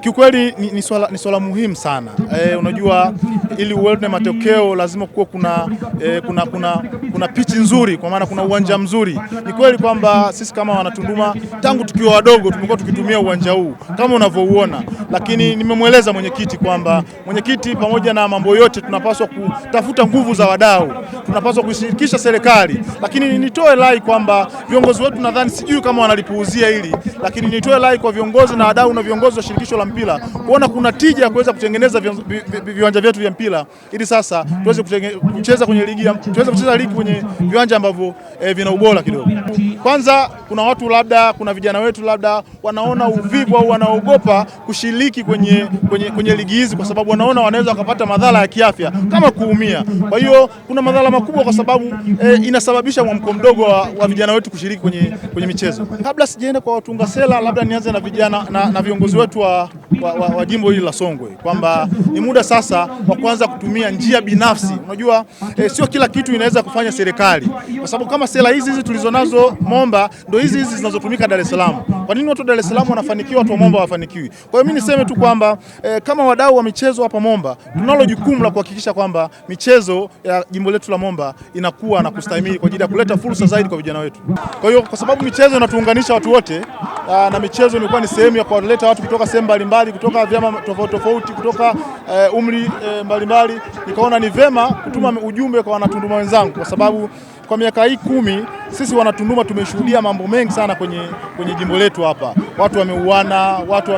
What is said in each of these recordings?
Kiukweli ni, ni, swala, ni swala muhimu sana e, unajua ili uone matokeo lazima kuwa kuna, e, kuna, kuna, kuna pichi nzuri, kwa maana kuna uwanja mzuri. Ni kweli kwamba sisi kama wanatunduma tangu tukiwa wadogo tumekuwa tukitumia uwanja huu kama unavyouona, lakini nimemweleza mwenyekiti kwamba mwenyekiti, pamoja na mambo yote, tunapaswa kutafuta nguvu za wadau, tunapaswa kushirikisha serikali, lakini nitoe rai kwamba viongozi wetu, nadhani sijui kama wanalipuuzia hili, lakini nitoe rai kwa viongozi na wadau na viongozi wa shirikisho la mpira, kuona kuna tija ya kuweza kutengeneza viwanja vyetu vya mpira ili sasa tuweze kucheza kwenye ligi, tuweze kucheza ligi kwenye viwanja ambavyo eh, vina ubora kidogo. Kwanza kuna watu labda, kuna vijana wetu labda wanaona uvivu au wanaogopa kushiriki kwenye, kwenye, kwenye ligi hizi kwa sababu wanaona wanaweza wakapata madhara ya kiafya kama kuumia. Kwa hiyo kuna madhara makubwa kwa sababu eh, inasababisha mwamko mdogo wa, wa vijana wetu kushiriki kwenye, kwenye michezo. Kabla sijaenda kwa watunga sera, labda nianze na vijana na, na viongozi wetu wa wa, wa, wa jimbo hili la Songwe kwamba ni muda sasa wa kuanza kutumia njia binafsi. Unajua eh, sio kila kitu inaweza kufanya serikali, kwa sababu kama sera hizi hizi tulizonazo Momba ndio hizi hizi zinazotumika Dar es Salaam. Kwa nini watu wa Dar es Salaam wanafanikiwa, watu wa Momba hawafanikiwi? Kwa hiyo mimi niseme tu kwamba eh, kama wadau wa michezo hapa Momba tunalo jukumu la kuhakikisha kwamba michezo ya jimbo letu la Momba inakuwa na kustahimili kwa ajili ya kuleta fursa zaidi kwa vijana wetu. Kwa hiyo kwa sababu michezo inatuunganisha watu wote Ah, na michezo imekuwa ni sehemu ya kuwaleta watu kutoka sehemu mbalimbali, kutoka vyama tofauti tofauti, kutoka eh, umri eh, mbalimbali. Nikaona ni vema kutuma ujumbe kwa wanatunduma wenzangu kwa sababu kwa miaka hii kumi sisi Wanatunduma tumeshuhudia mambo mengi sana kwenye, kwenye jimbo letu hapa. Watu wameuana, watu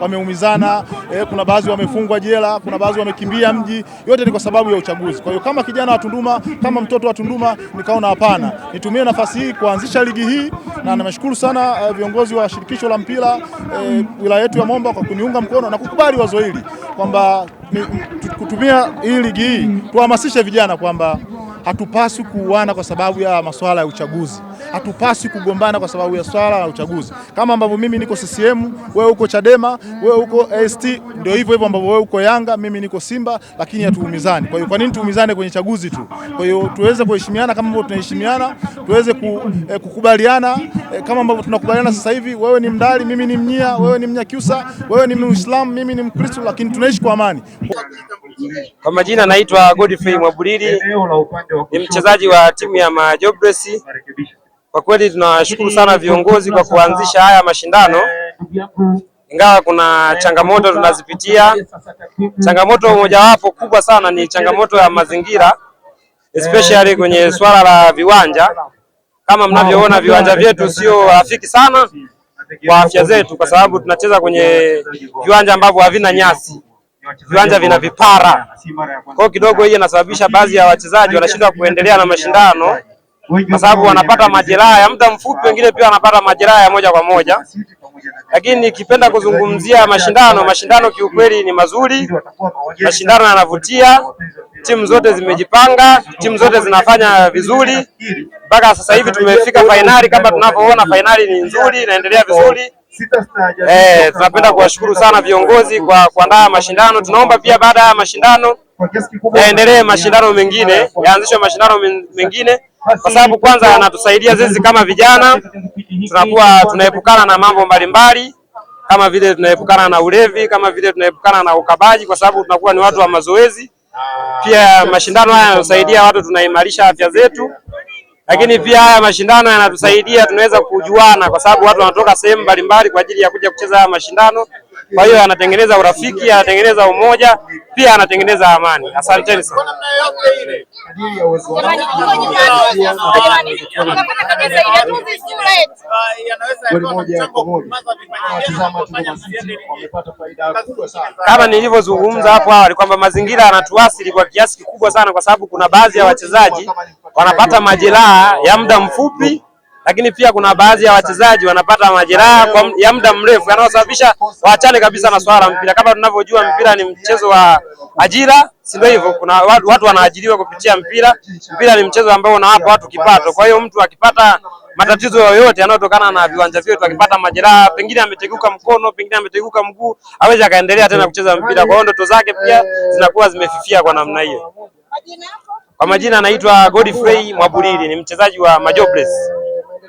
wameumizana, eh, kuna baadhi wamefungwa jela, kuna baadhi wamekimbia mji. Yote ni kwa sababu ya uchaguzi. Kwa hiyo kama kijana wa Tunduma, kama mtoto wa Tunduma, nikaona hapana, nitumie nafasi hii kuanzisha ligi hii, na namshukuru sana eh, viongozi wa shirikisho la mpira eh, wilaya yetu ya Momba kwa kuniunga mkono na kukubali wazo hili kwamba kutumia hii ligi hii tuhamasishe vijana kwamba hatupaswi kuuana kwa sababu ya masuala ya uchaguzi hatupasi kugombana kwa sababu ya swala la uchaguzi, kama ambavyo mimi niko CCM, wewe uko Chadema, wewe uko AST, ndio hivyo hivyo ambavyo wewe uko Yanga, mimi niko Simba, lakini hatuumizani. Kwa hiyo kwa nini tuumizane kwenye chaguzi tu? Kwa hiyo tuweze kuheshimiana kama ambavyo tunaheshimiana, tuweze ku, eh, kukubaliana eh, kama ambavyo tunakubaliana sasa hivi, wewe ni Mdali, mimi ni Mnyia, wewe ni Mnyakyusa, wewe ni Muislamu, mimi ni Mkristo, lakini tunaishi kwa amani. Kwa majina naitwa Godfrey Mwabulili, ni mchezaji wa timu ya Majobresi kwa kweli tunashukuru sana viongozi kwa kuanzisha haya mashindano, ingawa kuna changamoto tunazipitia. Changamoto mojawapo kubwa sana ni changamoto ya mazingira, especially kwenye swala la viwanja. Kama mnavyoona, viwanja vyetu sio rafiki sana kwa afya zetu, kwa sababu tunacheza kwenye viwanja ambavyo havina nyasi, viwanja vina vipara. Kwa kidogo hii inasababisha baadhi ya wachezaji wanashindwa kuendelea na mashindano kwa sababu wanapata majeraha ya muda mfupi, wengine pia wanapata majeraha ya moja kwa moja. Lakini nikipenda kuzungumzia mashindano, mashindano kiukweli ni mazuri, mashindano yanavutia, timu zote zimejipanga, timu zote zinafanya vizuri mpaka sasa hivi tumefika fainali. Kama tunavyoona fainali ni nzuri, inaendelea vizuri. Eh, tunapenda kuwashukuru sana viongozi kwa kuandaa mashindano. Tunaomba pia baada ya mashindano yaendelee mashindano mengine, yaanzishwe mashindano mengine kwa sababu kwanza anatusaidia sisi kama vijana, tunakuwa tunaepukana na mambo mbalimbali kama vile tunaepukana na ulevi, kama vile tunaepukana na ukabaji, kwa sababu tunakuwa ni watu wa mazoezi. Pia mashindano haya yanatusaidia watu, tunaimarisha afya zetu, lakini pia haya mashindano yanatusaidia, tunaweza kujuana, kwa sababu watu wanatoka sehemu mbalimbali kwa ajili ya kuja kucheza haya mashindano. Kwa hiyo anatengeneza urafiki, anatengeneza umoja, pia anatengeneza amani. Asanteni sana kadiri ya uwezo kama nilivyozungumza hapo awali kwamba mazingira yanatuathiri kwa kiasi kikubwa sana, kwa sababu kuna baadhi ya wachezaji wanapata majeraha ya muda mfupi lakini pia kuna baadhi ya wachezaji wanapata majeraha ya muda mrefu yanayosababisha waachane kabisa na swala mpira. Kama tunavyojua mpira ni mchezo wa ajira, si ndio hivyo? Kuna watu, watu wanaajiriwa kupitia mpira. Mpira ni mchezo ambao unawapa watu kipato. Kwa hiyo mtu akipata matatizo yoyote yanayotokana na viwanja vyetu, akipata majeraha, pengine ameteguka mkono, pengine ameteguka mguu, aweze akaendelea tena kucheza mpira. Kwa hiyo ndoto zake pia zinakuwa zimefifia kwa namna hiyo. Kwa majina anaitwa Godfrey Mwabulili, ni mchezaji wa Majobles.